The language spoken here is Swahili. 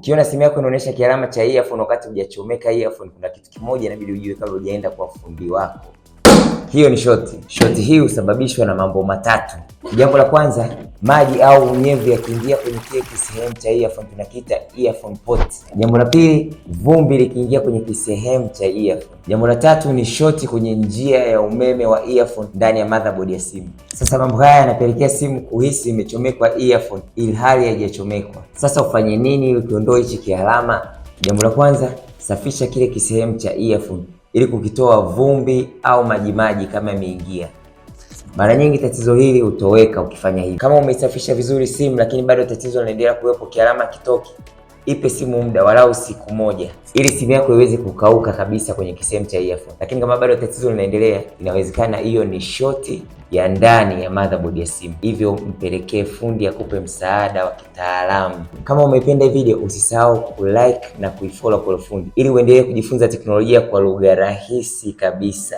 Ukiona simu yako inaonyesha kialama cha earphone wakati hujachomeka earphone, kuna kitu kimoja inabidi ujue kabla hujaenda kwa fundi wako. Hiyo ni shoti. Shoti hii husababishwa na mambo matatu. Jambo la kwanza, maji au unyevu yakiingia kwenye kile kisehemu cha earphone tunakita earphone port. Jambo la pili, vumbi likiingia kwenye kisehemu cha earphone. Jambo la tatu ni shoti kwenye njia ya umeme wa earphone ndani ya motherboard ya simu. Sasa mambo haya yanapelekea simu kuhisi imechomekwa earphone ili hali haijachomekwa. Sasa ufanye nini ili kuondoa hichi kialama? Jambo la kwanza, safisha kile kisehemu cha earphone ili kukitoa vumbi au majimaji kama yameingia. Mara nyingi tatizo hili hutoweka ukifanya hivi. Kama umeisafisha vizuri simu lakini bado tatizo linaendelea kuwepo, kialama kitoki, ipe simu muda walau siku moja, ili simu yako iweze kukauka kabisa kwenye kisehemu cha earphone. Lakini kama bado tatizo linaendelea, inawezekana hiyo ni shoti ya ndani ya motherboard ya simu, hivyo mpelekee fundi akupe msaada wa kitaalamu. Kama umependa video, usisahau kulike na kuifollow fundi, ili uendelee kujifunza teknolojia kwa lugha rahisi kabisa.